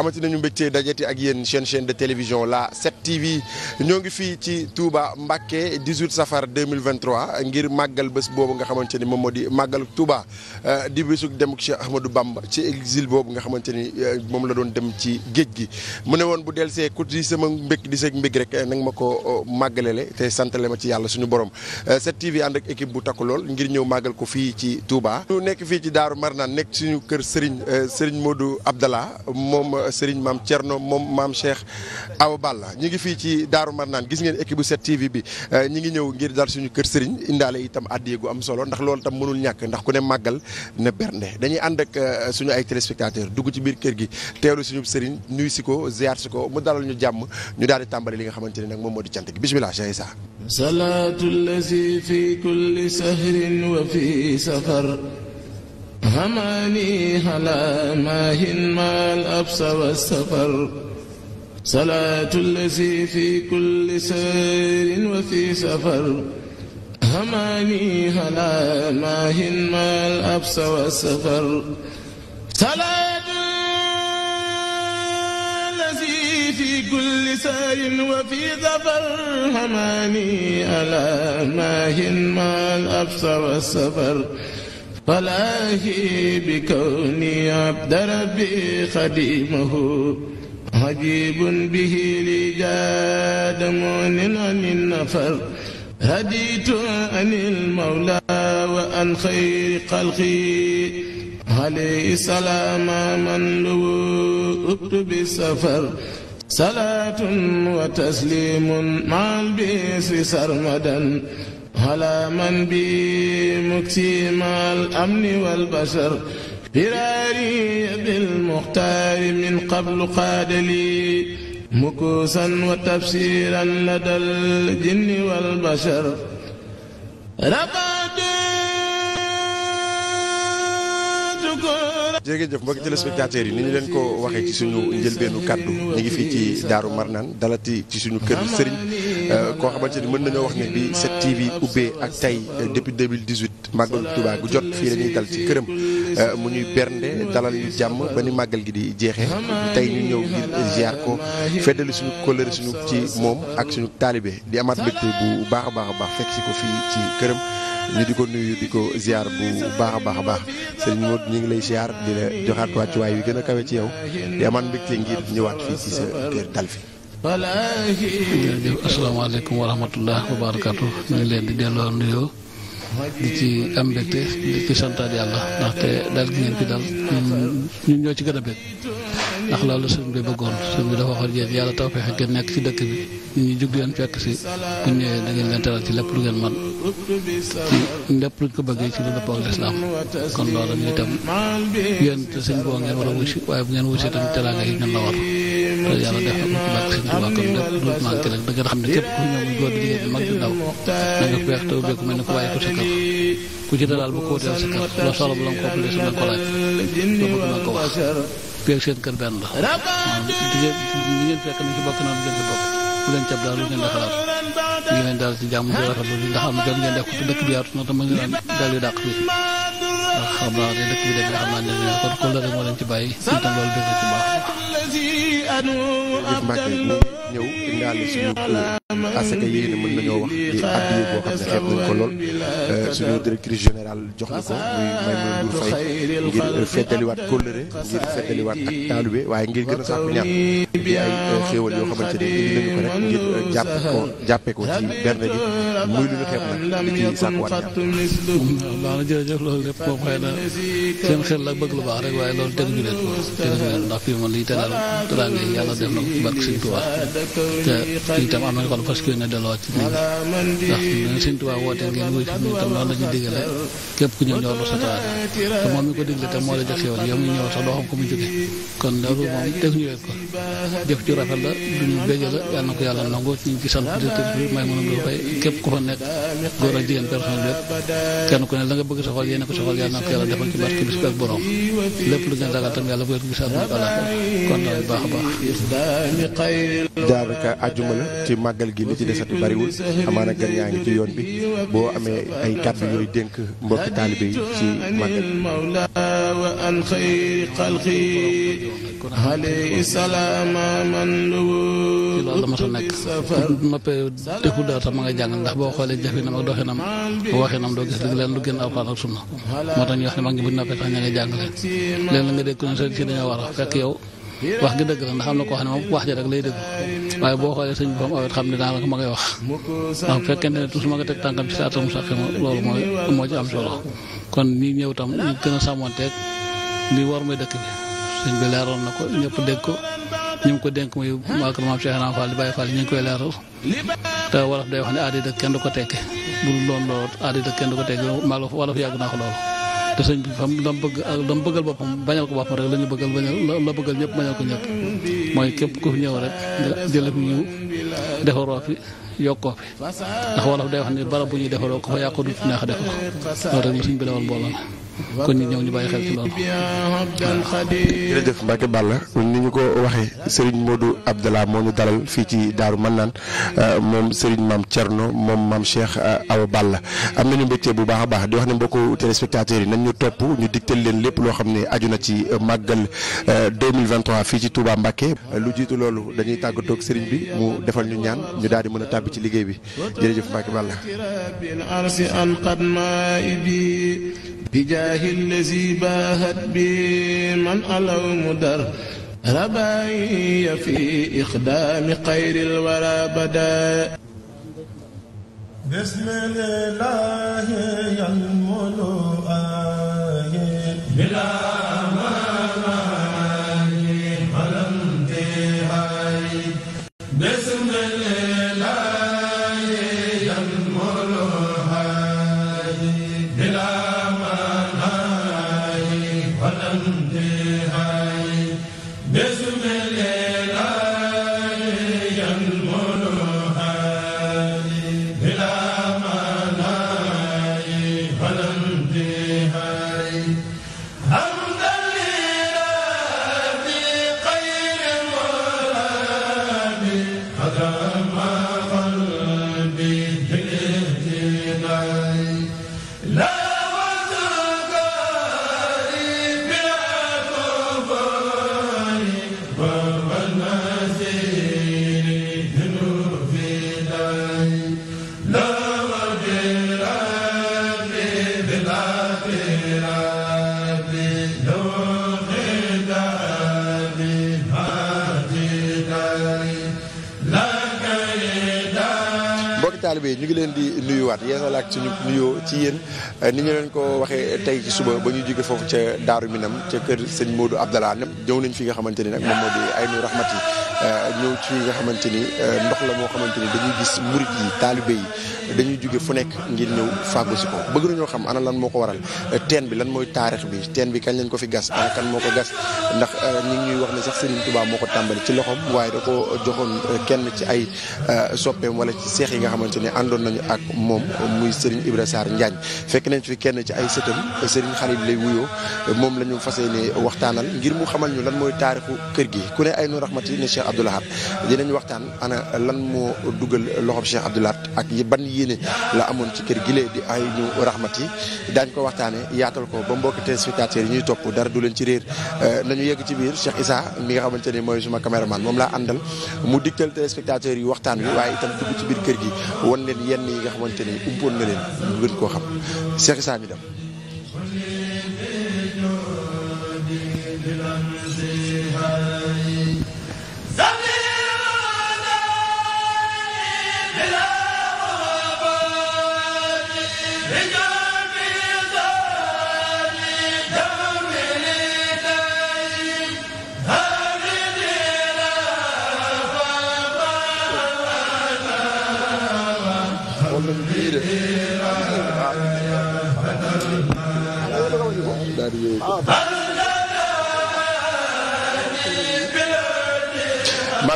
amati nañu mbégte dajati ak yéen chaîne chaîne de télévision la 7TV ñoo ngi fii ci Touba Mbacké 18 safar 2023 ngir màggal bés boobu nga xamante ni moom moo di màggal Touba euh, di bésug dem Cheikh Ahmadou Bamba ci exil boobu nga xamante ni euh, moom la doon dem ci géej gi mu ne woon bu delsee ku di sama mbég di seeg mbég rek nang ma ko euh, màggalele te santale ma ci yàlla suñu borom 7TV ànd ak équipe bu takku lool ngir ñëw màggal ko fii ci Touba ñu nekk fii ci Daaru Marnaan nekk suñu kër Serigne Serigne Modou Abdallah moom Serigne maam Thierno moom maam Cheikh Awa Balla ñu ngi fii ci Daaru Marnaan gis ngeen équipe bu 7TV bi euh, ñi ngi ñëw ngir dal suñu kër Serigne indaale itam addiye gu am solo ndax loolu tam mënul ñàkk ndax ku ne màggal na bernde dañuy ànd ak euh, suñu ay téléspectateurs dugg ci biir kër gi teewlu suñu Serigne nuyu si ko ziar si ko mu dalal ñu jàmm ñu daal di tàmbali li nga xamante ni nag moom moo di cant gi bisimilah Cheikh Issa salaatu lazi fi kulli sahrin wa fi safar هماني هلا ماهن مع الأبس والسفر صلاة الذي في كل سير وفي سفر هماني هلا ماهن مع الأبس والسفر صلاة الذي في كل سير وفي سفر هماني ألا ماهن مع الأبس والسفر طلاهي بكوني عبد ربي خديمه عجيب به لي جاد مؤن عن النفر هديت عن المولى وعن خير خلقي عليه السلام من لوؤت بالسفر صلاة وتسليم مع البئس سرمدا على من بمكتم الأمن والبشر فراري بالمختار من قبل قاد لي مكوسا وتفسيرا لدى الجن والبشر رقد jërëjëf mbokki téléspectateurs yi ni ñu leen ko waxee ci suñu njëlbeenu kàddu ñu ngi fii ci Daaru Marnaan dalati ci suñu kër sëriñ Euh, koo xamante ni mën nañoo wax ne bi 7TV ubbee ak tey euh, depuis 2018 màggalu Tuubaa gu jot fii dañuy dal ci këram euh, mu ñuy bernde dalal yu jàmm ba ni màggal gi di jeexee tey ñu ñëw ngir ziar ko feddali suñu kóllëre suñu ci moom ak suñu taalibe di amaat mbégte bu baax a baax a baax fekk si ko fii ci këram ñu di ko nuyu di ko ziar bu baax a baax a baax sëñ Modou ñu ngi lay ziar di la joxaat wàccuwaay wi gën a kawe ci yow di amaat mbégte ngir ñëwaat fii sa kër jërëjëf asalaamaaleykum wa rahmatullah wa barakaatu leen di delloo nuyoo am mbégte di ci santaat yàlla ndaxte ngeen fi daal ñun ci gën a bég ndax loolu sëñ bi bëggoon sëñ bi dafa waxoon yéen yàlla tawfeex ngeen nekk ci dëkk bi ñu jug leen fekk si bu da ngeen leen teral ci lépp lu ngeen man ci lépp luñ ko bëggee ci lu dëppoo ak kon loolu ñu itam yéen te sëñ boo ngeen war a wusi waaye bu ngeen wusee tamit teraanga yi ngeen la war loolu yàlla def na ko ci barke Sëñ Tuubaa kon lépp manqué rek da nga xam ne képp ku ñëw muy góor di jigéen mag di ndaw na nga ko weex taw beeku mel ni ko bàyyi ko sa kër ku ci dalal bu ko wuteel sa kër la soxla bu la nga ko ëppalee su la ko laaj loolu dina ko wax peeg seen kër benn la digée ñi ngeen fekk na ci bokk noonu ngeen ci bokk bu leen cab daal lu ngeen defaraat ñu leen daal ci jàmm di rafet lu ndax am gën ngeen def ko te dëkk bi yaatu na te ma ngi naan daal yu dàq bi ndax xam naa ne dëkk bi def nga xam naa ne kon kon la rek moo leen ci bàyyi itam loolu dëgg ci baax الذي أنوم عبدا jaale suñu parce euh, que yéen mën nañoo wax di addiya boo xam ne xeeb nañ ko lool euh, suñu directrice générale jox na ko muy Maïmouna Ndour Faye ngir euh, feddaliwaat kóllëre ngir feddaliwaat ak taalibe waaye ngir gën a sàkku ñaan ay xéewal yoo xamante ci berne bi muy lu ñu ko teguñu leen ndax fii moom liy teral teraange itam am nañ xol parce que ne delluwaat ci nit ñi ndax Sëñ Tuubaa woote ngeen wuy xam ne itam loolu la ñu képp ku ñëw ñëwal ba sa taal te moom mi ko sax doo xam ko mu jóge kon loolu moom teg ñu wet ko jëf ju rafet la duñu béje la yàlla ko yàlla nangu ñu ngi sant directeur bi may mën a ngi koy képp ku fa nekk góor ak jigéen personnel lépp kenn ku ne la nga bëgg sa xol yéene ko sa xol yàlla na ko yàlla defal ci barke bis bi ak borom lépp lu ngeen ragal tam a àjjuma la ci màggal gi li ci desati bariwul amaana gan yaa ngi ci yoon bi boo amee ay kàddu yooy dénk mbokki taalibe ci màggal gi loolu dama ta nekk bu noppee dëkku daata ma nga jàng ndax boo xoolee jafinam ak doxinam waxinam doo gis dëgg leen lu gën alxuraan ak sunna moo tax ñu wax ne mag ñi bu noppee tax ña nga jàng leen leen la nga dégg na ci dañoo war a fekk yow wax gi dëgg la ndax am na koo xam ne moom wax ji rek lay dégg waaye boo xoolee sëñ bi fa awet xam ne daanaka ma ngay wax ndax bu fekkente ne toujours ma teg tànkam ci saatal mu saqi loolu mooy moo ci am solo kon ñi ñëw tam ñu gën a teg li war may dëkk bi sëñ bi leeroon na ko ñëpp dégg ko ñu ngi ko dénk muy waa kër maam Cheikh Ibra Fall di Baye Fall ñu ngi koy leeral te wolof day wax ne aada dëkk kenn du ko tekke bu dul loolu loolu aada dëkk kenn du ko tekke maa wolof yàgg naa ko loolu te sëñ bi fam lam bëgg ak lam bëggal boppam bañal ko boppam rek la ñu bëggal bañal la bëggal ñëpp bañal ko ñëpp mooy képp ku fi ñëw rek jëlëf ñëw defaroo fi yokkoo fi ndax wolof day wax ni barab bu ñuy defaroo ko fa yàqu du neex a ko loolu rek la sëñ bi dawal mbooloo kon ñu ñëw ñu bàyyi xel ci loolu. jërëjëf ni ñu ko waxee Serigne Modou Abdallah moo ñu dalal fii ci Daaru Mannaan euh, moom Serigne maam Thierno moom maam aw euh, Awa la am nañu mbégte bu baax a baax di wax ne mbokku téléspectateurs yi nañ ñu topp ñu digtal leen lépp loo xam ne aju na ci euh, màggal 2023 fii ci Touba Mbacke. lu jiitu loolu dañuy tàggatoo ak Serigne bi mu defal ñu ñaan ñu daal di mën a tàbbi ci liggéey bi jërëjëf Mbacke Balla. الله الذي باهت بي من ألو مدر رباي في إخدام خير الورى بدا بسم الله الملوء بلا taalibe ñu ngi leen di nuyuwaat yeesalaat suñu nuyoo ci yéen eh, ni ñu leen ko waxee tey ci suba ba ñu jógee foofu ca Daaru Minam ca kër seen sëñ Modou Abdallah ñëw nañ fi nga xamante ni nag moom moo di ay Aynu Rahmati ñëw ci nga xamante ni euh, ndox la moo xamante ni dañuy gis murit yi taalibe yi dañuy jóge fu nekk ngir ñëw fàggu si ko bëgg nañoo xam ana lan moo ko waral euh, teen bi lan mooy taarix bi teen bi kañ lañ ko fi gas am kan moo ko gas ndax euh, ñu ngi ñuy wax ne sax Serigne tubaab moo ko tàmbali ci loxoom waaye da ko joxoon kenn ci ay soppeem wala ci seex yi nga xamante ni àndoon nañu ak moom muy Serigne Ibra Sarr fekk nañ fi kenn ci ay sëtam Serigne Khalil lay wuyoo moom la ñu fas yéene waxtaanal ngir mu xamal ñu lan mooy taarixu kër gi ku ne ay nu raxmati ne Cheikh Abdou Lahad waxtaan ana lan moo dugal loxob Cheikh Abdou Lahad ak ban yéene la amoon ci kër gi di ay ñu rahmat yi dañ ko waxtaane yaatal ko ba mbokki téléspectateurs yi ñuy topp dara du leen ci réer euh, nañu yegg ci biir Cheikh Issa mi nga xamante ne mooy suma caméraman moom laa àndal mu digtal téléspectateurs yi waxtaan wi waaye itam dugg ci biir kër gi wan leen yenn yi nga xamante ne umpoon na leen ñu gën koo xam Cheikh Issa mi dem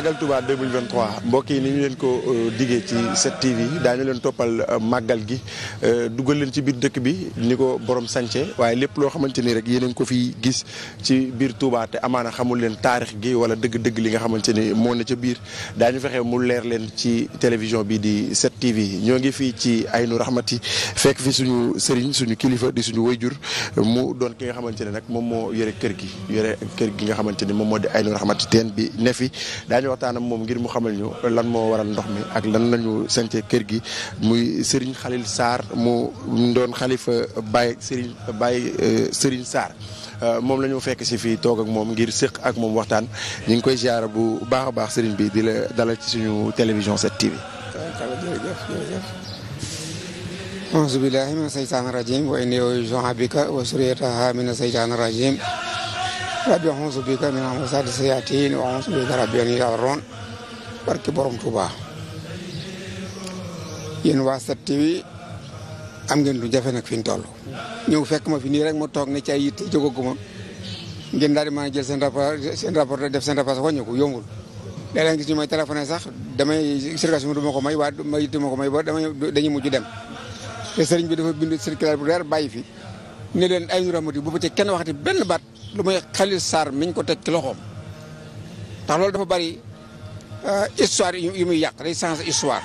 Magal Touba 2023 mbokk yi ni ñu leen ko euh, diggee ci 7TV daañu leen toppal euh, màggal gi euh, dugal leen ci biir dëkk bi ni ko boroom sañce waaye lépp loo xamante ni rek yéen a ngi ko fi gis ci biir Touba te amaana xamul leen taarix gi wala dëgg-dëgg li nga xamante ni moo ne ca biir daañu fexe mu leer leen ci télévision bi di 7TV ñoo ngi fii ci Aynu Rahmati fekk fi suñu sëriñ suñu kilifa di suñu wayjur mu doon ki nga xamante ne nag moom moo yëre kër gi yore kër gi nga xamante ni moom moo di Aynu Rahmati teen bi ne fi daañu waxtaan ak moom ngir mu xamal ñu lan moo waral ndox mi ak lan lañu sante kër gi muy sëriñ Khalil Sarr mu doon xalifa Baye Serigne Baye euh, Serigne Sarr euh, moom lañu fekk si fii toog ak moom ngir sëq ak moom waxtaan ñu ngi koy ziara bu baax a baax sëriñ bi di la dalal ci suñu télévision 7 TV. auzu billaahi mina sayxaani rajiim wa rabbi a'uuzu bika min hamazaati sayaatiin wa a'uuzu bika rabbi an yahduruun barki borom Tuuba yéen waa set tv am ngeen lu jafe nag fi ñu toll. ñëw fekk ma fi nii rek ma toog ne ci ay yitte jógaguma ngeen daal di mën a jël seen rapport def seen rapport sax wàññi ko yombul. léeg-léeg gis ñu may téléphoné sax damay circulation du ma ko may waa ma yitte ma ko may ba damay dañuy mujj dem te sëriñ bi dafa bind circulaire bu leer bàyyi fi ne leen ay nu ramati bu ba te kenn waxati lu muy Khalil Sarr miñ ko teg ci loxoom ndax loolu dafa bari euh, histoire yu muy yàq day changé histoire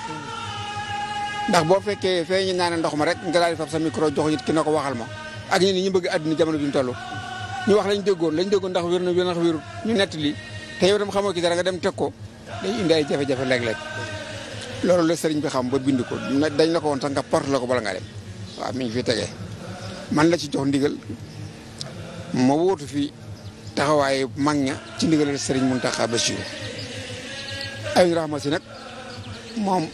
ndax boo fekkee fee ñu naane ndox ma rek nga daal di fab sa micro jox nit ki na ko waxal ma ak ñi ni ñu bëgg àdduna jamono bi ñu toll ñu wax lañ déggoon lañ déggoon ndax wér na wér ndax wérut ñu nett li te yow tam xamoo ci dara nga dem teg ko day indi ay jafe-jafe léeg-léeg loolu la sëriñ bi xam ba bind ko dañ la ko woon sax nga porte la ko bala nga dem waaw mi ngi fi tegee man la ci jox ndigal ma wootu fi taxawaay mag ña ci ndigalal sëriñ Muntaxa Basiru aynu raxma si nag moom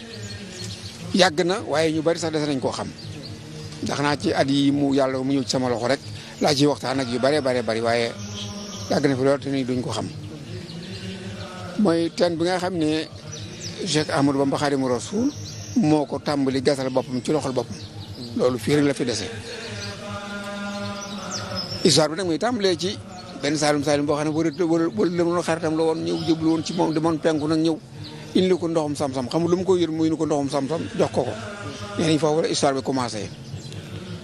yàgg na waaye ñu bari sax des nañ koo xam ndax naa ci at yi mu yàlla mu ñëw sama loxo rek laa ciy waxtaan ak yu bare bare bari waaye yàgg na fi loolu te ni duñ ko xam mooy ten bi ngay xam ne Cheikh Ahmadou Bamba Xaadimu Rasuul moo ko tàmbali gasal boppam ci loxol boppam loolu fii rek la fi dese histoire bi nag muy tàmbalee ci benn saalum saalum boo xam ne wërë wërë wërë lëmoon la woon ñëw jublu woon ci moom demoon penku nag ñëw indi ko ndoxum sam-sam xamul lu mu ko yër muy ni ko ndoxum sam-sam jox ko ko nañ foofu la histoire bi commencé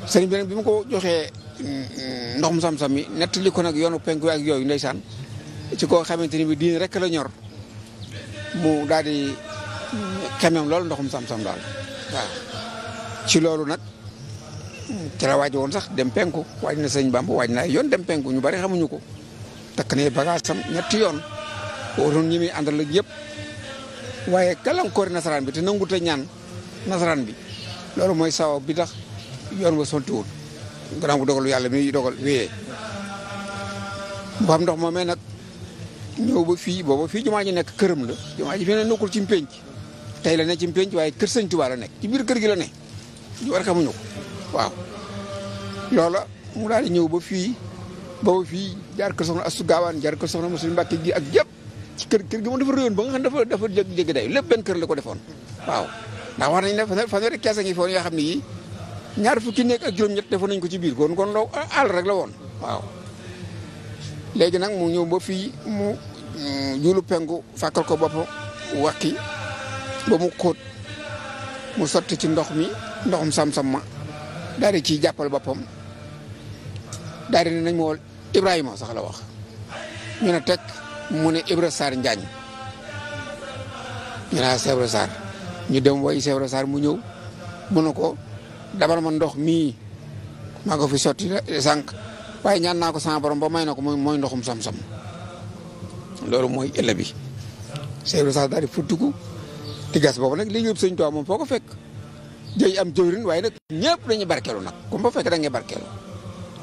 sëriñ bi nag bi mu ko joxee mm, ndoxum sam-sam yi nettali nag yoonu penku ak yooyu ndeysaan ci koo xamante ni bi diine rek la ñor mu daal di mm, loolu ndoxum sam-sam daal waaw ci loolu nag ci la waaj woon sax dem penku waaj na sëñ Bamba waaj na yoon dem penku ñu bari xamuñu ko takk ne bagage sam ñetti yoon waroon ñi muy àndal la yëpp waaye gàllankoori nasaraan bi te nangut a ñaan nasaraan bi loolu mooy sawa bi tax yoon ba sontiwul gannaaw bu dogalu yàlla mi dogal wéyee mbaam ndox moomee nag ñëw ba fii booba fii jumaa ji nekk këram la jumaa ji fi ne nekkul ci mpénc tey la ne ci mpénc waaye kër sëñ Tuubaa la nekk ci biir kër gi la ne ñu xamuñu ko waaw yoola mu daal ñëw ba fii ba fii jaar ko soxna Astu Gaawaan jaar ko soxna Musu Mbàkke gi ak yëpp ci kër kër gi moom dafa réyoon ba nga xam dafa dafa jéggi day lépp benn kër la ko defoon waaw ndax wax nañ ne fanweeri kees a ngi foon yoo xam ne yii ñaar fukki nekk ak juróom-ñett defoon nañ ko ci biir kon kon loo àll rek la woon waaw léegi nag mu ñëw ba fii mu mm, juulu penku fàkkal ko bopp wàkki ba mu xóot mu sotti ci ndox mi ndoxum sam-sam ma daal ci ciy jàppal boppam daal nañ ma wol Ibrahima sax la wax ñu ne teg mu ne Ibra Sarr Njaañ ñu naa ah, Ibra Sarr ñu dem woy Ibra Sarr mu ñëw mun ne ko damar ma ndox mii maa fi sotti sànq waaye ñaan naa ko sama borom ba may na ko mooy ndoxum sam-sam loolu mooy ëllëg bi Ibra Sarr daal di futtiku di gas boobu nag liggéeyub sëñ moom foo ko fekk day am jëwrin waaye nag ñëpp dañuy barkeelu nag comme ba fekk da ngay barkeelu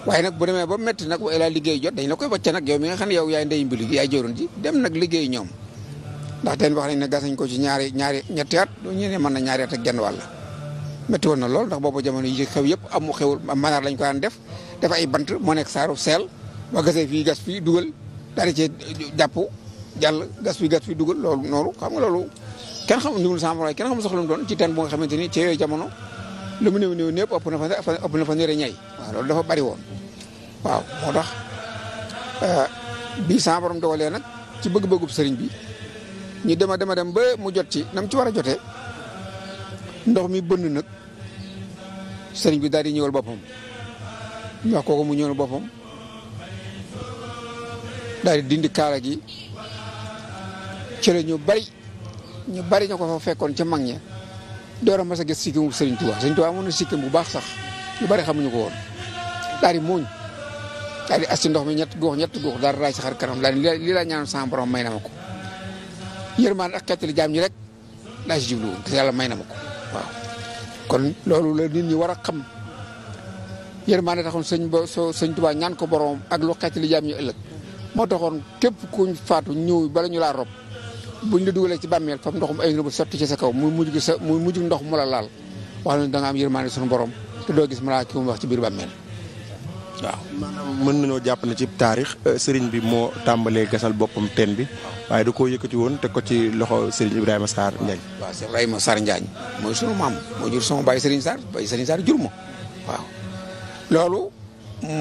waaye nag boo demee ba métti nag wa laa liggéey jot dañ la koy wàcce nag yow mi nga xam ne yow yaay ndey mbili yaay jëwrin ji dem nag liggéey ñoom ndax teen wax nañ ne gasañ ko ci ñaari ñaari ñetti at ñu ne mën na ñaari at ak genn wàll métti lool ndax boobu jamono yi xew yëpp amu xewul manaar lañ ko daan def def ay bant moo nekk saaru seel ba gasee fii gas fii dugal daal di cee jàpp jàll gas fii gas fii dugal loolu noonu xam loolu kenn xam ndiwul cent francs kenn xam soxla mu doon ci teen bu nga xamante ci yooyu jamono lu mu néew néew népp ëpp na fa ëpp na fa ñëre ñay waaw loolu dafa bari woon waaw moo tax euh, bii cent borom dogalee nag ci bëgg-bëggub sëriñ bi ñu dema dema dem ba mu jot ci nam ci war a jotee ndox mi bënn nag sëriñ bi daal di ñëwal boppam ñu kooku mu ñëwal boppam daal dindi kaala gi ci la bari ñu bari ñu ko fa fekkoon ca mag ña door a mas a gis sikkimu Sëriñ Tuubaa Sëriñ Tuubaa amoon na sikkim bu baax sax ñu bari xamuñu ko woon daal di muuñ daal di as ndox mi ñett guux ñett guux daal raay ci xar kanam daal di lii laa ñaanoon ko yërmaan ak xettali jaam ñi rek daa ci yàlla may na ma ko waaw kon loolu la nit ñi war a xam yërmaane taxoon sëñ ba soo sëñ Tuubaa ñaan ko borom ak lu li jaam ñu ëllëg moo taxoon képp kuñ faatu ñëw bala ñu laa rob buñ la dugalee ci bàmmeel fab ndoxum ay nga sotti ci sa sa muy mujj ndox mu la laal wax nañ da nga am yërmaande suñu borom te doo gis malaaka ki mu wax ci biir bàmmeel waaw. mën nañoo jàpp ne ci taarix euh, sëriñ bi moo tàmbalee gasal boppam teen bi waaye du koo yëkkati woon teg ko ci loxo sëriñ Ibrahima Sarr Njaañ. waaw sëriñ Ibrahima Sarr Njaañ mooy sunu maam moo jur sama baay sëriñ Sarr baay sëriñ Sarr jur ma waaw loolu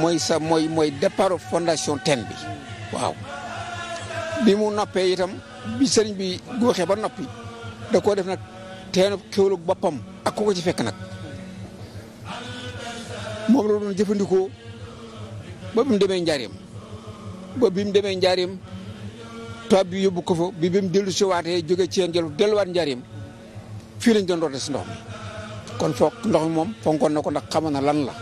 mooy sa mooy mooy départ fondation teen bi waaw bi mu noppee itam. bi sëriñ bi guuxee ba noppi da koo def nag teenub xéwlu boppam ak ku ko ci fekk nag moom la doon jëfandikoo ba bi mu demee njaareem ba bi mu demee njaareem tubaab bi yóbbu ko fa bi bi mu dellu si waatee jóge ci yéen jël delluwaat njaareem fii lañ dondoo roote si ndox mi kon foog ndox mi moom fonkoon na ko ndax xamoon na lan la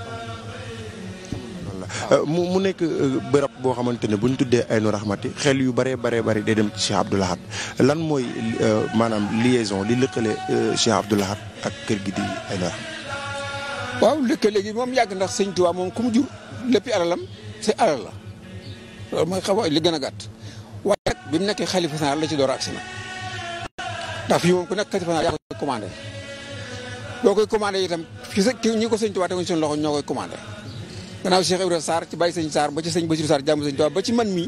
la euh, mu nekk euh, bërëb boo xamante ne bu ñu tuddee aynu rahmati xel yu bëree baree bëri dee dem ci Cheikh Abdou Lahad lan mooy euh, maanaam liaison li lëkkale Cheikh Abdou Lahad ak kër gi di aynu rahmati waaw lëkkale gi moom yàgg ndax sëñ Tuubaa moom ku mu jur léppi alalam c'est alal la loolu mooy xaw li gën a gàtt waaye nag bi mu xalifa général la ci door a agsi na ndax fii moom ku nekk xalifa général yaa koy commandé loo koy commandé itam ki ñi ko sëñ Tuubaa teguñ seen loxo ñoo koy commandé gannaaw Cheikh Ibrahima Sarr ci Baye Sëñ Sarr ba ci sëñ Basiru Sarr jàmm sëñ ba ci man mi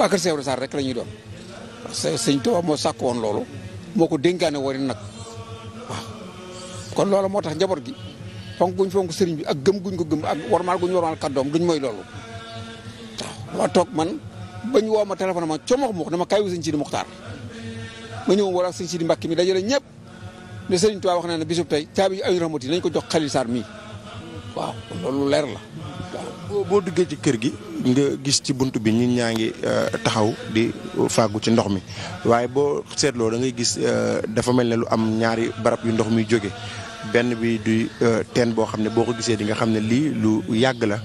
waa kër Cheikh Ibrahima Sarr rek lañuy ñuy doon sëñ Tuubaa moo sàkk woon loolu moo ko dénkaane woon nag kon loolu moo tax njaboot gi fonk guñ fonk sëriñ bi ak gëm guñ ko gëm ak warmaal guñ warmaal kàddoom duñ mooy loolu waaw ma toog man bañ woo ma téléphone ma coomox mux dama kayi wu sëñ Sidi Muxtaar ma ñëw a sëñ Sidi Mbàkke mi dajale ñëpp ne sëriñ Tuubaa wax na ne bisub tey caabi añu rahmati nañ ko jox Xalil Sarr mii waaw loolu leer la waaw boo duggee ci kër gi nga gis ci bunt bi nit ñaa ngi euh, taxaw di fàggu ci ndox mi waaye boo seetloo da ngay gis euh, dafa mel ne lu am ñaari barab yu ndox muy jóge benn bi du euh, teen boo xam ne boo ko gisee di nga xam ne lii lu yàgg la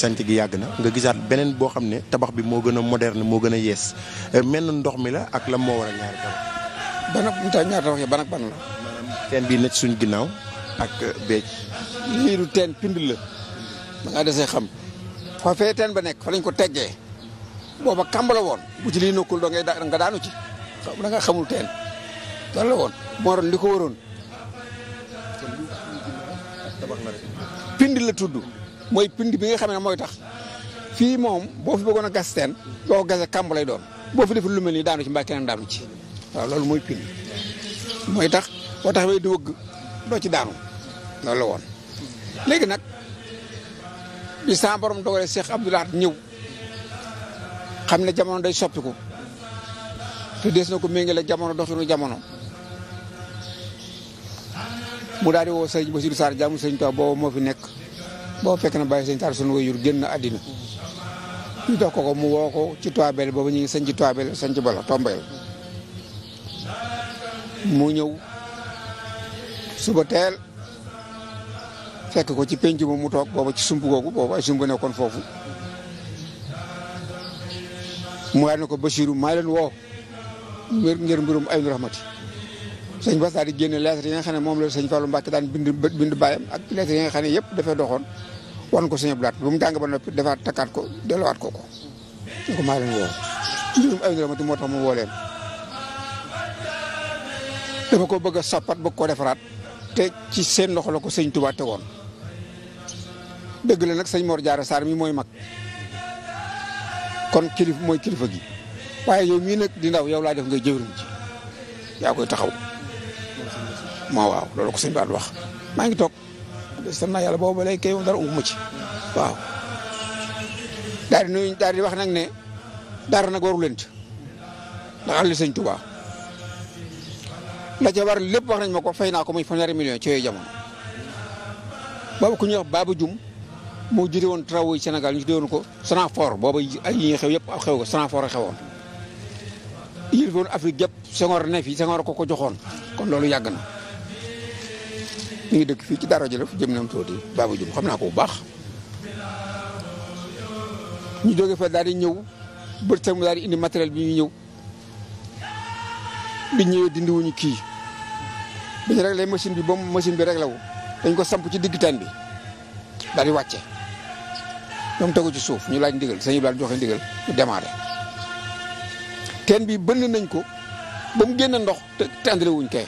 sant gi yàgg na nga gisaat beneen boo xam ne tabax bi moo gën a moderne moo gën a yees mel na ndox mi la ak la moo war a ñaari tabax ban ak ñaari tabax yi ban teen bi nekk suñ ginnaaw ak béej lii teen pind la da ngaa desee xam fa fee teen ba nekk fa lañ ko teggee boo kàmb la woon bu ci lii nokkul doo ngay daanu ci da nga xamul teen loolu la woon li ko waroon pind la tudd mooy pind bi nga xam ne mooy tax fii moom boo fi bëggoon a gas teen boo ko gasee kàmb doon boo fi def lu mel nii daanu ci mbaa keneen daanu ci waaw loolu mooy pind mooy tax boo tax wee di wëgg doo ci daanu noonu la woon léegi nag bi sama borom dogalee Cheikh Abdoulaye ñëw xam ne jamono day soppiku te des na ko méngale jamono doxinu jamono mu daal di woo sëriñ Bassirou Sarr jaamu sëriñ Tuubaa boobu moo fi nekk boobu fekk na bàyyi sëriñ Sarr sunu wayjur génn àddina ñu dox ko ko mu woo ko ci toabel boobu ñu ngi sañ ci toabel sañ ci bala tombeel mu ñëw suba teel fekk ko ci penc ma mu toog booba ci sump googu booba ay sump nekkoon foofu mu ne ko Bachirou maa leen woo ngir ngir mbirum ay nu raxmati sëñ Bass daal di génne lettre yi nga xam ne moom la sëñ Fallou Mbacke daan bind bind bàyyam ak lettre yi nga xam ne yëpp dafay doxoon wan ko sëñ Blaat bu mu jàng ba noppi defaat takkaat ko delluwaat ko ko ñu ko maa leen ko bëgg a soppat bëgg koo defaraat te ci seen loxo la ko sëñ Touba tegoon dëgg la nag sëñ Mor Diarra Sarr mi mooy mag kon kilif mooy kilifa gi waaye yow mii nag di yow laa def ngay jëwriñ ci yaa koy taxaw moo waaw loolu ko sëñ Baat wax maa ngi toog sant yàlla boobu ba léegi kay moom wax nag ne dara nag waru lent ndax la ca war lépp wax nañ ma ko fay naa ko muy fanweeri million ci yooyu jamono boobu ku ñuy wax Baba Jum moo jëlee woon travaux yi Sénégal ñu tuddee woon ko Sonafort booba ay yi xew yëpp xew ko Sonafort a xewoon. yële woon Afrique yëpp Senghor ne fi Senghor ko ko joxoon kon loolu yàgg na ñu ngi dëkk fii ci Daara Jolof jëm naam tuuti baabu Diouf xam naa ko bu baax. ñu jóge fa daal ñëw bët mu di indi matériel bi ñuy ñëw bi ñëwee dindi kii bi ñu machine bi ba machine bi réglé wu dañ ko samp ci digg bi daal di wàcce ñoom tegu ci suuf ñu laaj ndigal sëñ ñu joxe ndigal ñu démarré teen bii bënn nañ ko ba mu génn ndox te te wuñ kay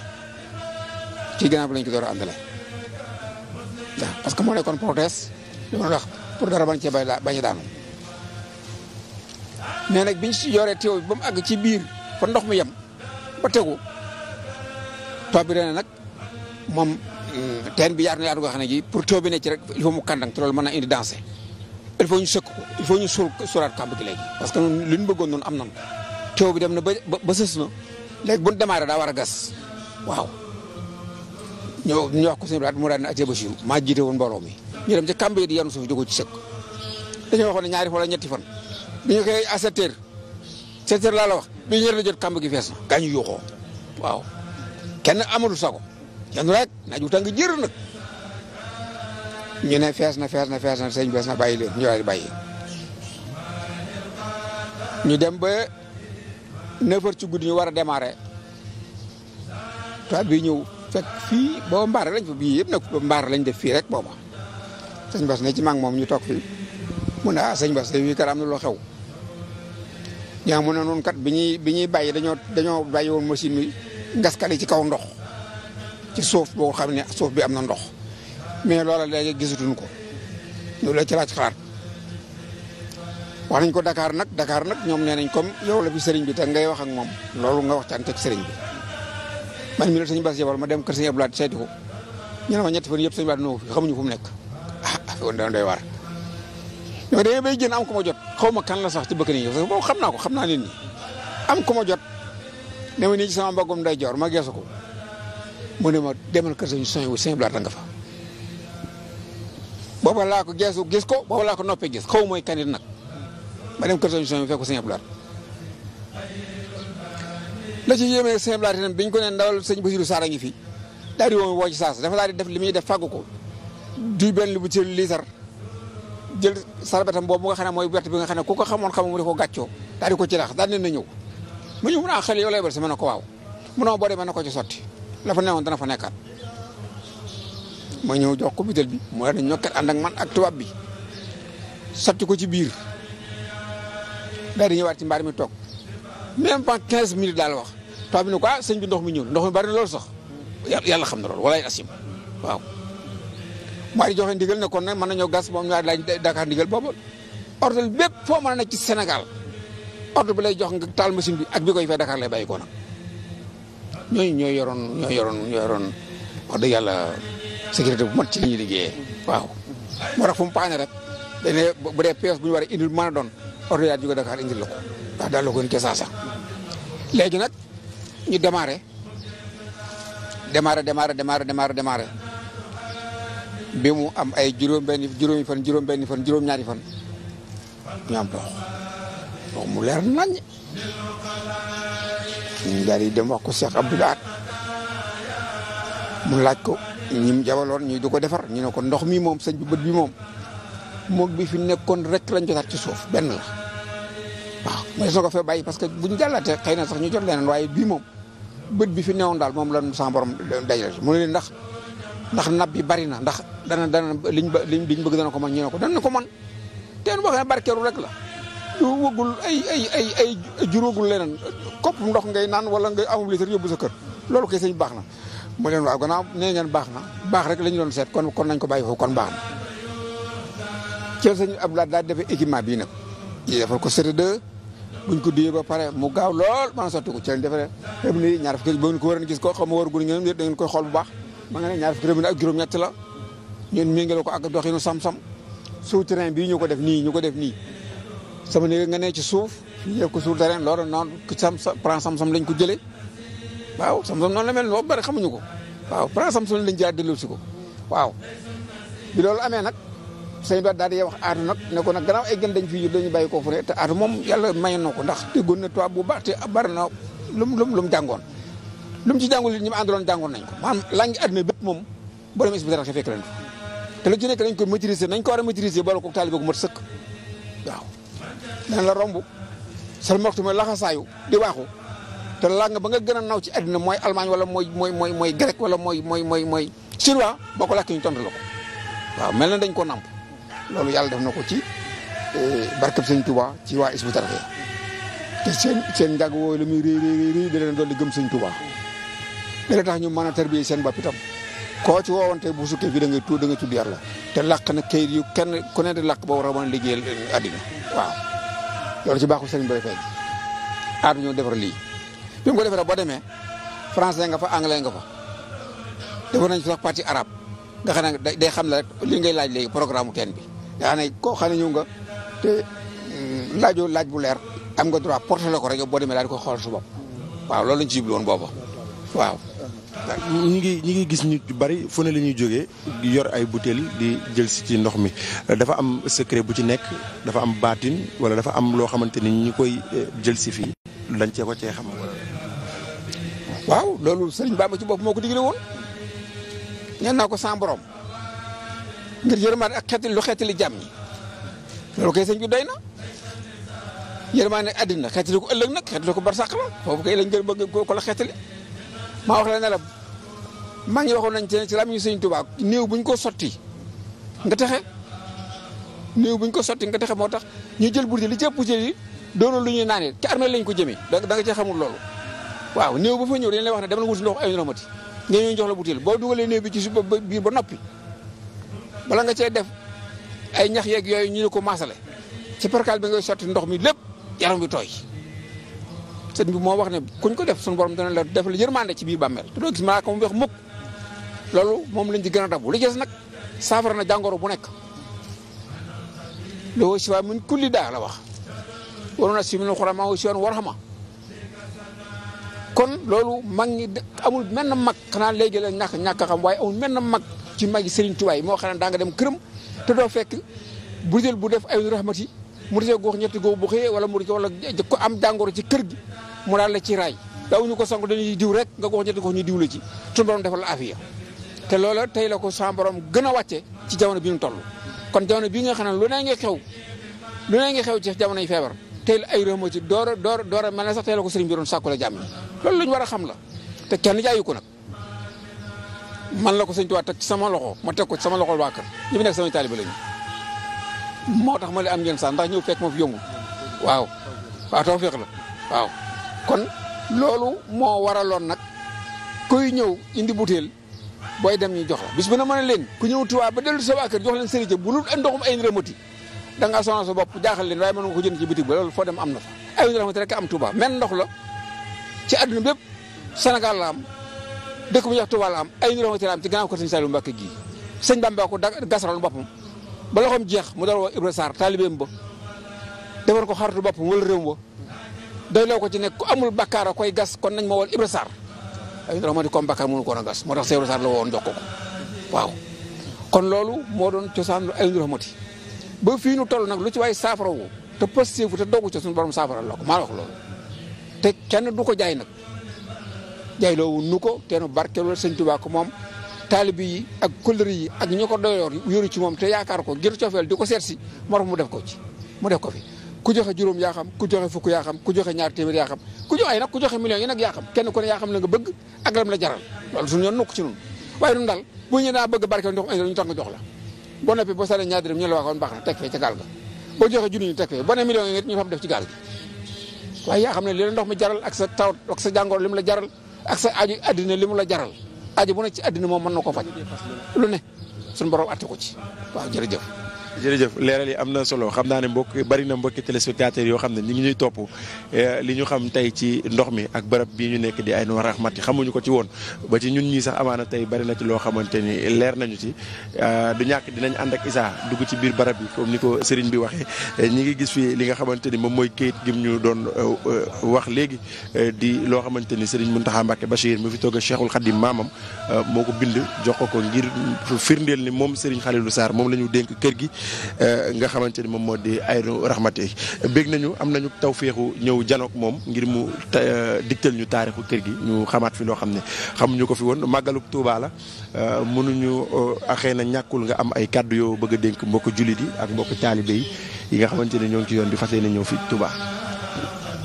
ci gànnaaw bi lañ ko door a andale parce que moo nekkoon prothèse li ma pour dara bañ cee bay bañ a daanu mais nag biñ si yoree teew bi ba mu àgg ci biir fa ndox mi yem ba tegu toog bi ren nag moom mm, teen bi yaatu na yaatu nga xam ne ji pour taw bi ne ci rek il faut mu kàndang te loolu mën na indi danse il ñu sëkk ko il ñu suul suraat kàmb gi léegi. parce que noonu li ñu bëggoon noonu am nan ko teew bi dem na ba ba sës na léegi bu ñu démarré daa war a gas waaw ñoo ñu wax ko sëñ Ibrahima mu daal ne Atia Bachir maa jiite woon mbooloo mi ñu dem ci kàmb yi di yanu suuf di ko sëkk dañoo waxoon ne ñaari wala ñetti fan bi ñu koy à sept heures laa la wax bi ñu la jot kàmb gi fees na gaa ñu yuuxoo waaw kenn amul sago kenn rek naaj wu tàng jër nag. ñu ne fees na fees na fees na sëñ bees na bàyyi leen ñu dem ba neuf ci guddi ñu war a démarrer toit bii ñëw fekk fii booba mbaar lañ fa bii yëpp nag mbaar lañ def fii rek booba sëñ bas ne ci mag moom ñu toog fii mu ne ah sëñ bas da fii kat na loo xew ñaa mu ne noonu kat bi ñuy bi ñuy bàyyi dañoo dañoo bàyyi woon machine bi ngas ci kaw ndox ci suuf boo xam ne suuf bi am na ndox mais loola léegi gisatuñ ko loolu la ci laaj xaar wax nañ ko dakaar nag dakaar nag ñoom nee nañ comme yow la fi sëriñ bi te ngay wax ak moom loolu nga waxtaan teg sëriñ bi man mi la sëñ Bass yebal ma dem kër sëñ Abdoulaye ko ñu ne ma ñetti yëpp sëñ Bass ñëw fi xamuñu fu mu nekk ah woon daan doy waar mais ko ma jot xaw ma kan la sax ci bëkk nii parce xam naa ko xam naa nit am ko ma jot ne ma nii ci ma geesu ko mu ne ma demal kër sëñ sooy wu sëñ Abdoulaye nga fa booba laa ko geesu gis ko booba laa ko noppee gis xaw mooy kanit nag ma dem kër sëñ Souhaïbou fekk ko sëñ Abdou Lahad la ci bi ñu ko ne ndawal sëñ Bassirou Sarr a ngi fi daal saas dafa daal di def li muy def fàggu ko duy benn li bu ci liisar jël sarbetam boobu nga xam ne mooy wert bi nga xam ne ku ko xamoon xamoon mu di ko gàccoo daal di ko ci rax daal ne na ñëw mu ñëw mun a ah xel yow lay bal si mën na ko waaw mu noo boo demee na ko ci sotti la fa newoon dana fa nekkaat ma ñëw jox ko butéel bi moo ne ñokkat ànd ak man ak tubaab bi sotti ko ci biir daal di ñëwaat ci mbaar mi toog même pas quinze minutes daal wax tubaab bi ne ko ah sëñ bi ndox mi ñëw ndox mi bari lool sax yàlla xam na loolu walaay asim waaw. maa di joxe ndigal ne kon nag mën nañoo gas moom ñaari laaj Dakar ndigal boobu ordre bépp foo mën a nekk ci Sénégal ordre bi lay jox nga taal machine bi ak bi koy fay Dakar lay bàyyi ko ñooy yoroon yàlla. sécurité bu mat ci li ñuy liggéeyee waaw. moo tax fu paane rek dañ bu dee pièce bu ñu war a indil mën a doon ordre yaa jóge Dakar indil la ko ndax daal la ko ca saasa. léegi nag ñu démarré démarré démarré démarré démarré démarré bi mu am ay juróom-benn juróomi fan juróom-benn fan juróom-ñaari fan ñu am ndox mu leer naññ. ñu daal dem wax ko Cheikh Abdoulaye mu laaj ko. ñim jabaloon ñu di ko defar ñu ne ko ndox mi moom sëñ bi bët bi moom moog bi fi nekkoon rek lañ jotaat ci suuf benn la waaw mais soo ko fee bàyyi parce que buñ jàllatee xëy na sax ñu jot leneen waaye bii moom bët bi fi newoon daal moom lan sama borom dajale mu ne leen ndax nab bi bari na ndax dana dana liñ liñ bëgg dana ko mën ñu ne ko dana ko mën teen boo xam ne barkeeru rek la du wëggul ay ay ay ay juróogul leneen kopp ndox ngay naan wala ngay amul litre yóbbu sa kër loolu kay sëñ baax na mu leen waaw gannaaw nee ngeen baax na baax rek lañu doon seet kon kon nañ ko bàyyi foofu kon baax na ci la sëñ Abdoulaye daal defee équipement bii nag ñu defal ko CRD buñ ko duyee ba pare mu gaaw lool mën a sotti ko ci lañ ñaar fukki ba ngeen ko war a gis ko xaw ma war gun ngeen da ngeen koy baax ma nga ne ñaar juróom-ñett la ñun méngale ko ak doxinu sam-sam souterrain bii ñu ko def nii ñu ko def nii sama néeg nga ne ci suuf ñu def ko souterrain loolu noonu sam sam prend sam-sam lañ ko jëlee waaw Samson noonu la mel noonu bari xamuñu ko waaw prend Samson lañ jaar delloo si ko waaw bi loolu amee nag sëñ bi daal di wax aatu nag ne ko nag gannaaw ay gën dañ fi jur dañu bàyyi ko fu ne te aatu moom yàlla mayoon na ko ndax déggoon na tubaab bu baax te bari na lum lum lum jàngoon lum ci jàngul it ñi mu jàngoon nañ ko maanaam laa ngi àdduna bépp moom borom ispitara xe fekk leen ci nekk dañ ko maîtriser nañ ko war a maîtriser boole ko taalibe gu mat sëkk waaw dana la romb sal maxtu mooy laxasaayu di waaxu te langue ba nga gën a naw ci àddina mooy allemagne wala mooy mooy mooy mooy grec wala mooy mooy mooy mooy chinois boo ko làkk ñu tontu la ko waaw mel na dañ ko nàmp loolu yàlla def na ko ci eh, barkeb sëñ Touba ci waa Hizbut Tarqiyyah te seen seen njàng wooyu la muy réy réy réy da leen doon di gëm sëñ Touba da tax ñu mën a tarbiye seen bopp itam koo ci woowante bu sukkee fii da ngay tudd da ngay tudd yàlla te làkk na kayit yu kenn ku ne di làkk ba war a mën a liggéeyal addina waaw loolu ci baaxu sëriñ bay fay aar ñoo defar lii bi ko defee nag boo demee français nga fa anglais nga fa defoon nañ sax partie arabe nga xam ne xam la rek li ngay laaj léegi programme teen bi nga xam ne koo xam ne ñëw nga te mm, laajoo laaj bu leer am nga droit porté la ko rek boo demee daal di ko xool su bopp waaw loolu lañ ci jublu woon boobu waaw ñi ngi ñi ngi gis nit yu bari fu ne la ñuy jógee yor ay butéel di jël si ci ndox mi dafa am secret bu ci nekk dafa am baatin wala dafa am loo xamante ni ñi koy eh, jël si fii dañ cee ko cee xam waaw loolu Serigne ma ci bopp moo ko digle woon ñaan naa ko sans borom ngir yërmaande ak xeet lu xeetali jàmm ñi loolu kay sëñ bi doy na yërmaande àddina xeetali ko ëllëg nag xeetali ko barsàq la foofu kay lañ gën bëgg ko la xeetali maa wax la ne maa ngi waxoon nañ te ci làmmiñu sëñ Tuubaa néew buñ ko sotti nga texe néew buñ ko sotti nga texe moo tax ñu jël burti li ci ëpp yi doonul lu ñuy naanee ci armée lañ ko jëmee da nga ci xamul loolu waaw néew bu fa ñëw dañ lay wax ne demal wuti ndox ay ramati nga ñëw jox la butéel boo dugalee néew bi ci suba biir ba noppi bala nga cee def ay ñax yeeg yooyu ñu ne ko maasale ci percal bi ngay sotti ndox mi lépp yaram bi tooy sëñ bi moo wax ne kuñ ko def suñu borom dana la def la yërmande ci biir bàmmeel te doo gis malaaka mu weex mukk loolu moom lañ ci gën a dabu li gis nag saafara na jàngoro bu nekk loo siwaa min la wax waroon na si min xurama wa siwan warxama kon loolu mag ñi amul menn mag xanaa léegi la ñàkk ñàkk xam waaye amul menn mag ci magi Serigne Touba moo xam ne daa nga dem këram te doo fekk burdel bu def ay rahmati mu dese gox ñetti góob bu xëyee wala mu dese wala ko am jàngoro ci kër gi mu daal la ci raay daawuñu ko sangu dañuy diw rek nga gox ñetti gox ñu diw la ci suñu borom defal la afiya te loola tey la ko sa borom gën a wàcce ci jamono bi ñu toll kon jamono bii nga xam ne lu ne nga xew lu ne ngi xew ci jamono yi feebar teel ay réew moo door door door a mel ne sax teel a ko sëriñ bi doon sàkku la jàmm loolu lu ñu war a xam la te kenn jaayu ko nag man la ko sëñ Tuubaa teg ci sama loxo ma teg ko ci sama loxo waa kër ñi fi nekk samay moo tax ma le am ngeen sax ñëw fekk ma yëngu waaw feex la waaw kon loolu moo waraloon nag kuy ñëw indi butéel booy dem ñu jox la bis bu na a leen ku ñëw waa ba dellu sa waa kër jox leen sëriñ bu lu ndoxum ay rëmati da ngaa sonal sa bopp jaaxal leen waaye mën nga ko jënd ci bitig ba loolu foo dem am na fa ay rahmati rek am Touba men ndox la ci àdduna bépp Sénégal la am dëkk bu ñuy wax am ay rahmati la ci gannaaw ko sëñ Saliou Mbacké gii sëñ Bamba ko gasaral boppam ba loxoom jeex mu door woo Ibra Sarr taalibeem ba defar ko xaratu boppam wala réew wa doy loo ko ci nekk amul bakkaar koy gas kon nañ ma wal Ibra Sarr ay rahmati comme bakkaar mënu ko woon a gas moo tax Ibra Sarr la woowoon ko ko loolu moo doon cosaanu ay rahmati ba fii nu toll nag lu ci waay saafara wu te posté fu te doggu ca suñu borom saafara la ko maa wax loolu te kenn du ko jaay nag jaay loowu nu ko te nu barkeeloo sëñ Tuubaa ko moom taalibi yi ak kóllëre yi ak ñi ko doyoor yóru moom te yaakaar ko ngir cofeel di morom mu def ko ci mu def ko fi ku joxe juróom yaa xam ku joxe fukk yaa xam ku joxe ñaar téeméer yaa xam ku joxe nag ku joxe millions yi yaa xam kenn ku ne yaa xam la nga bëgg ak lam la jaral loolu suñu nukk ci nun waaye nun daal bu ñu daa bëgg barkeel ndox ñu tax nga jox la boo noppee boo saree ñaar dërëm ñu la waxoon baax na teg fee ca gaal ga boo joxee junni ñu teg fee boo nee million yi ñu xam def ci gaal gi waaye yaa xam ne li la ndox mi jaral ak sa taw ak sa jàngoor li mu la jaral ak sa aju addina li mu la jaral aju bu ne ci addina moom mën na ko faj lu ne sunu borom atte ko ci waaw jërëjëf jërëjëf leeral yi am na solo xam naa ne mbokk bari na mbokki téléspectateurs yoo xam ne ñu ngi ñuy topp eh, li ñu xam tey ci ndox mi ak barab bii ñu nekk di ay nu raxmat yi xamuñu ko ci woon ba ci ñun ñii sax amaana tey bari na ci loo xamante ni leer nañu ci eh, du ñàkk dinañ ànd ak Issa dugg ci biir barab bi comme ni ko sëriñ bi waxee eh, ñi ngi gis fi li nga xamante ni moom mooy kayit gim ñu doon wax léegi di loo xamante ni sëriñ Mountakha Mbacké Bachir mu fi toog Cheikhul Khadim maamam moo ko bind jox ko ko ngir firndeel ni moom sëriñ Khalilou Sarr moom la ñu dénk kër gi Eh, nga xamante ni moom moo di Aïnou Rahmaty bég nañu am nañu tawféexu ñëw janoog moom ngir mu eh, digtal ñu taarixu kër gi ñu xamaat fi loo xam ne xamuñu ko fi woon màggalu Tuuba la eh, mënuñu axee na ñàkkul nga am ay kàddu yoo bëgg a dénk mbokk jullit yi ak mbokk taalibe yi yi nga xamante ne ñoo ngi ci yoon bi fas yéene ñëw fi Touba.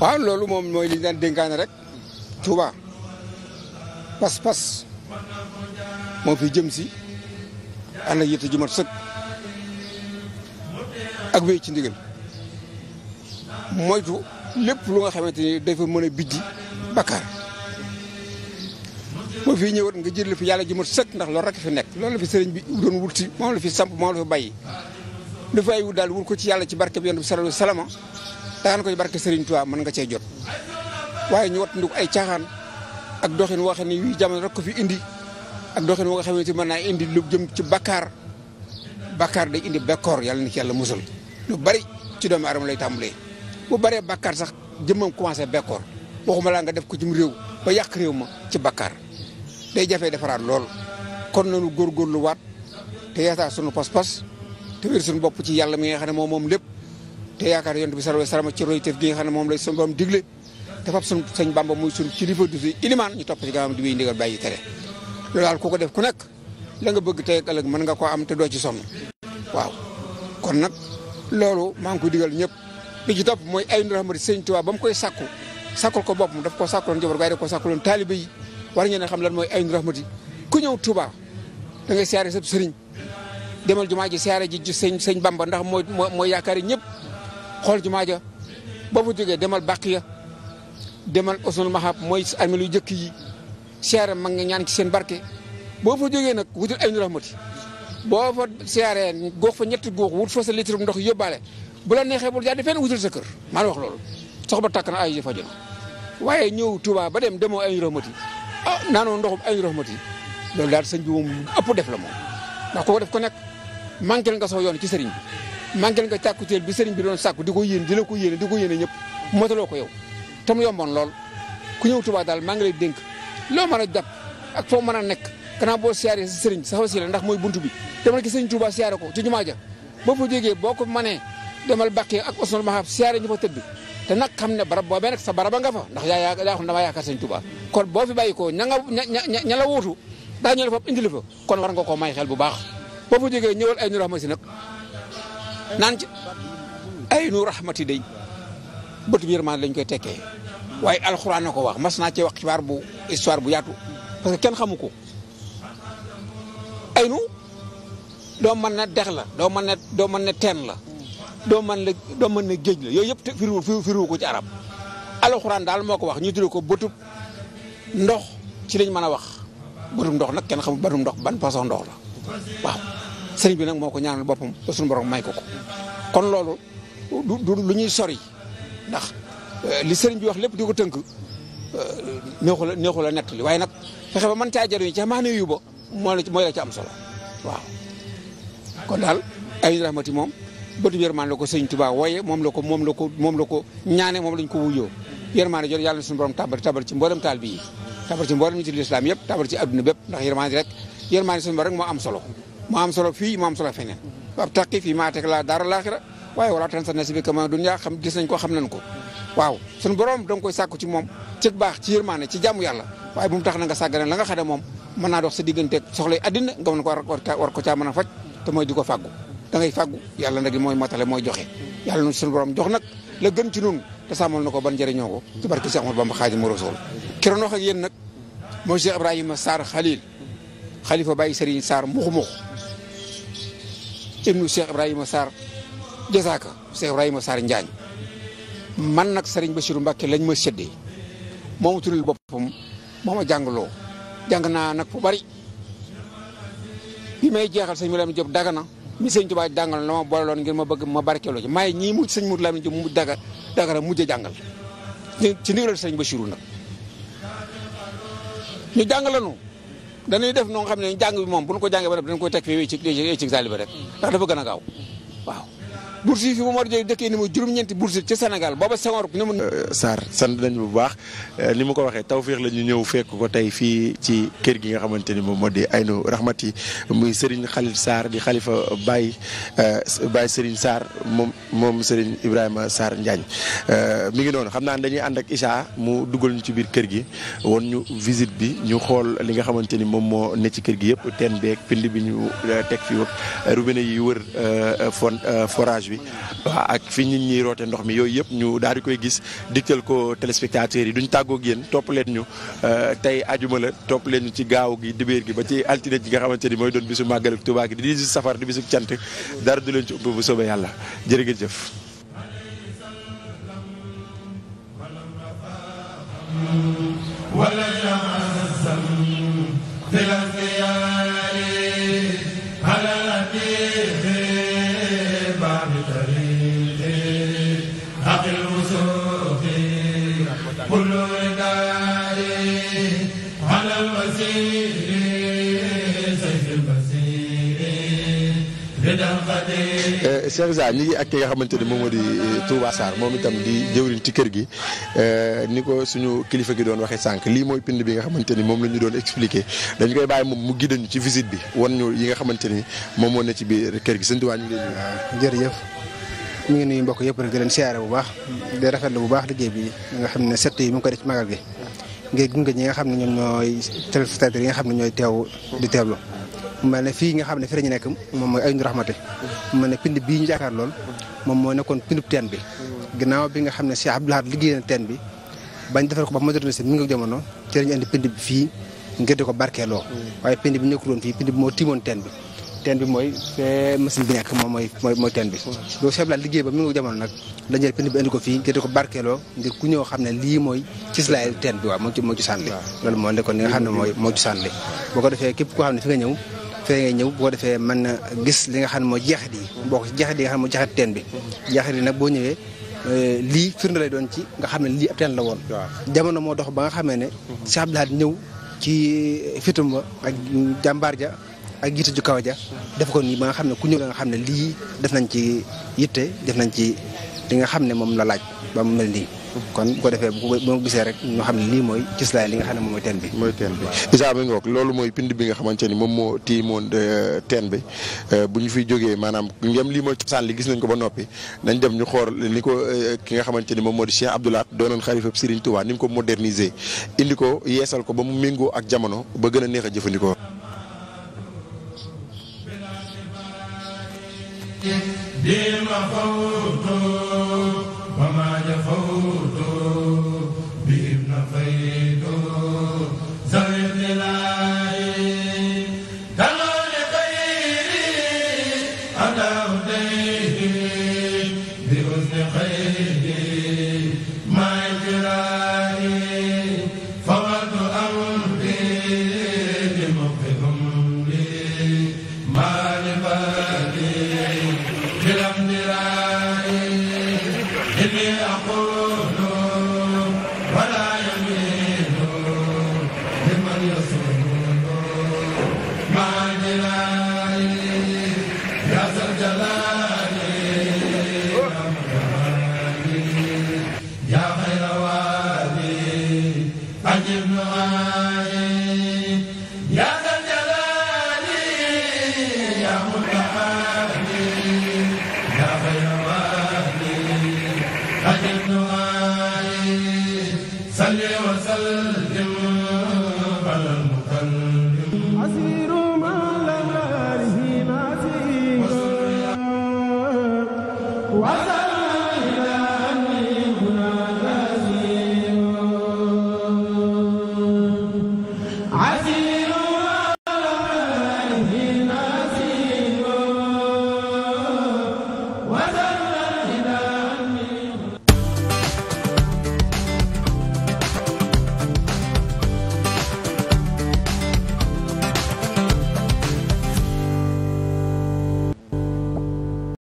waaw loolu moom mooy li ñu daan dénkaane rek Touba pas-pas moo fi jëm si ànd ak yëpp a sëkk ak wéy ci ndigal moytu lépp lu nga xamante ni dafa mën a biddi bakkaar boo fi ñëwat nga jël fi yàlla ji mat sëkk ndax lool rekk fi nekk loolu la fi sëriñ bi doon wulti moom la fi samp moom la fi bàyyi lu fay wut daal wut ko ci yàlla ci barke bi yonent bi sallallahu alayhi wa sallam daan ko ci barke Sëriñ Tuubaa mën nga cee jot waaye ñu wat ndik ay caaxaan ak doxin woo xam ne yu jamono fi indi ak doxin woo nga xamante mën naa indi lu jëm ci bakkaar bakkaar day indi bekkoor yàlla na ci yàlla musal lu bari ci doomu aadama lay tàmbalee bu baree bàkkaar sax jëmmam commencé bekkoor waxuma laa nga def ko jëm réew ba yàq réew ma ci bàkkaar day jafee defaraat lool kon nanu góorgóorlu waat te yeesaat sunu pas-pas te wér sunu bopp ci yàlla mi nga xam ne moom moom lépp te yaakaar yonent bi sallallahu alayhi wasallam ci royteef gi nga xam ne moom lay sunu borom digle te fab sunu sëñ Bàmba muy sunu kilifa du si ilimaan ñu topp ci gannaawam di wéy ndigal bàyyi tere loolu koo ko def ku nekk la nga bëgg tey ak mën nga koo am te doo ci sonn waaw kon loolu maa ngi koy digal ñëpp li ci topp mooy ay rahmati sëñ Tuubaa ba mu koy sàkku sàkkul ko boppam daf ko sàkkuloon njaboot waaye daf ko sàkkuloon taalibe yi war ngeen a xam lan mooy ay rahmati ku ñëw Tuubaa da ngay siyaare sab sëriñ demal jumaa ji siyaare ji ji sëñ sëñ Bamba ndax mooy mooy yaakaar ñëpp xool jumaa ja boo fa jógee demal Baqiya demal Usnul Mahab mooy armeel yu jëkk yi siyaare mag nga ñaan ci seen barke boo fa jógee nag wutul ay rahmati boo fa siyaaree ni góox fa ñetti góox wut fa sa litre ndox yóbbaale bu la neexee bul jàdd fenn wutal sa kër maa wax loolu sox ba tàkk na ay fajona waaye ñëw Touba ba dem demoo añ rahmati ah naanoo ndoxum añ rahmati loolu daal sëñ bi moom ëpp def la moom ndax ku ko def ko nekk manqué nga sox yoon ci sëriñ bi manqué nga càkkuteel bi sëriñ bi doon sàkku di ko yéene di la ko yéene di ko yéene ñëpp motaloo ko yow tam yomboon lool ku ñëw Touba daal maa ngi lay dénk loo mën a jàpp ak foo mën a nekk gannaaw boo siyaaree sa sëriñ sa wasila ndax mooy buntu bi demal ki sëriñ Touba siyaare ko ci jumaa ja boo fa jógee boo ko manee demal Bakke ak Osnal Mahab siyaare ñu fa tëdd te nag xam ne barab boobee nag sa baraba nga fa ndax yaa yaa xam damaa yaakaar sëriñ Touba kon boo fi bàyyi ko ña nga ña ña la wuutu daa ñëw la fa indi la fa kon war nga ko may xel bu baax boo fa jógee ñëwal ay nu rahmati nag naan ci ay nu rahmati day bët bi lañ koy tekkee waaye alxuraan na ko wax mas naa cee wax xibaar bu histoire bu yaatu parce que kenn xamu ko aynu doo man ne dex la doo mën ne doo mën ne teen la doo man ne doo mën ne géej la yooyu yëpp te firiwu firiwu ko ci arab alxuraan daal moo ko wax ñu tuddee ko bëtub ndox ci lañ mën a wax bëtub ndox nag kenn xamul bëtub ndox ban ndox la waaw sëriñ bi nag moo ko ñaan boppam ba suñu borom may ko ko kon loolu du lu ñuy sori ndax euh, li sëriñ bi wax lépp di ko tënk euh, neexu la neexu la nett li waaye nag fexe ba mën caa jariñu ca maanaam yu moo la mooy la ci am solo waaw kon daal ay rahmati moom bëtu yërmaande la ko sëñ Tuubaa wooye moom la ko moom la ko moom la ko ñaane moom lañ ko wuyoo yërmaande jot yàlla na suñu borom tabar tabar ci mboolem taal bii tabar ci ñu ci lislaam yëpp tabar ci adduna bépp ndax yërmaande rek yërmaande moo am solo moo am solo fii moo am solo feneen maa teg laa daara laaxira waaye wala tan sa nasibika ma dunya xam gis nañ ko xam nañ ko waaw suñu borom da nga koy sàkku ci moom ci baax ci yërmaande ci jàmm yàlla waaye bu tax na nga sàggane la nga xam ne moom mën naa dox sa digganteeg soxlay addina nga mën ko war ko caa mën a ko fàggu da yàlla nag mooy motale mooy joxe yàlla nu jox nag la gën ci nun te sàmmal na ko ban njëriñoo ko ci barki Cheikh Ahmadou Bamba Xaadimu Rasuul ki doon wax ak yéen nag mooy Cheikh Ibrahima Sarr Khalil xalifa bàyyi Serigne Sarr muxu-mux ibnu Cheikh Ibrahima Sarr jasaaka Cheikh Ibrahima Sarr Njaañ man nag Serigne Bassirou Mbacke lañ ma séddee moomu tuddul jàng naa nag fu bari bi may jeexal sëñ Mourou Lamine Diop Dagana mi sëñ Tuubaa jàngal la ma booleloon ngir ma bëgg ma barkeeloo ci may ñii mu sëñ Mourou Lamine Diop mu daga Dagana mujj a jàngal ci ndigalal sëñ Bachirou nag ñu jàngalanu dañuy def noo xam ne jàng bi moom bu ñu ko jàngee ba def dañ koy teg fii ci ci saali ba rek ndax dafa gën a gaaw waaw bourse yi fi Momar dëkkee ni ma juróom-ñeenti bourse ci Sénégal booba Senghor ni mu euh, Sarr sant nañ bu baax euh, ni ma ko waxee tawféex la ñu ñëw fekk ko tey fii ci kër gi nga xamante ni moom moo di Aynu Rahmati muy Serigne Khalil Sarr di xalifa Baye euh, Baye Serigne Sarr moom moom Serigne Ibrahima Sarr Njaañ mi ngi noonu xam naa dañuy ànd ak Issa mu dugal ñu ci biir kër gi won ñu visite bi ñu xool li nga xamante ni moom moo ne ci kër gi yëpp teen beeg pind bi ñu teg fi wëp robinet yi wër fon forage bi waaw ak fi nit ñi roote ndox mi yooyu yëpp ñu daal di koy gis digtal ko téléspectateurs yi duñ tàggoog yéen topp leen ñu euh, tey ajuma la topp leen ñu ci gaaw gi dibéer gi ba ci altine ji nga xamante ni mooy doon bisu màggal ak Tuubaa gi di bisu safar di bisu cant dara du leen ci ëpp bu soobee yàlla jërëjëf. ولا جمع Eh, Cheikh Isa ñi ak ki nga xamante ni moom moo di eh, Touba Sarr moom itam di jëwriñ ci kër gi eh, ni ko suñu kilifa gi doon waxee sànq lii mooy pind bi nga xamante ni moom la ñu doon expliqué dañ koy bàyyi moom mu giddañu ci visite bi wan ñu yi nga xamante ni moom moo ne ci biir kër gi sëñ Touba ñu ngi leen jërëjëf ñu ngi nuyu mbokk yëpp rek di leen siyaare bu baax di rafetlu bu baax liggéey bi nga xam ne sett yi mu ngi ko def ci magal gi ngir gunge ñi nga xam ne ñoom ñooy téléspectateurs yi nga xam ne ñooy teew di teewlu mu mel fii nga xam ne fi la ñu nekk moom mooy Aynu Rahmati mu bii ñu jàkkaar moom moo nekkoon pindub teen bi ginnaaw bi nga xam ne Cheikh Abdoul Ahad liggéey na bi bañ defar ko ba modernisé mi ngi jamono ci la ñu indi pind bi fii ngir ko barkeeloo waaye pind bi nekkul woon fii pind bi moo tiimoon teen bi bi mooy fee machine bi nekk moom mooy mooy mooy teen bi loolu Cheikh Abdoul Ahad liggéey ba mi ngi jamono nag la jël pind bi indi ko fii ngir di ko barkeeloo ngir ku ñëw xam ne lii mooy ci teen bi waaw moo ci moo ci sànni loolu moo nekkoon li nga xam ne mooy moo ci sànni boo ko defee képp koo xam ne fi nga ñëw fee ngay ñëw bu defee mën na gis li nga xam ne moo jeexit yi boo ko jeexit yi nga xam ne moo jeexit teen bi jeexit yi euh, lii firnde lay doon ci nga xam ne lii ab teen la woon jamono moo dox ba nga ne mhm. Cheikh Abdou Lahad ñëw ci fitum ba ak jàmbaar ja ak yitte ju kaw ja def ko nii ba nga xam ne ku ñëw la nga xam ne lii def nañ ci yitte def nañ ci li nga xam ne moom la laaj ba mu mel nii kon bu ko defee bu ko gisee rek ñu xam ne lii mooy cislaay li nga xam ne moom mooy teen bi mooy teen bi isa mi mooy pind bi nga xamante ni moom moo tiimoon euh, teen bi euh, bu ñu fiy jógee maanaam ngem lii mooy cosaan li gis nañ ko ba noppi dañ dem ñu xool ni ko euh, ki nga xamante ni moom moo di Cheikh Abdou Lahad doonoon xalifab Serigne Touba ni mu ko moderniser indi ko yeesal ko ba mu méngoo ak jamono ba gën a neex a jëfandikoo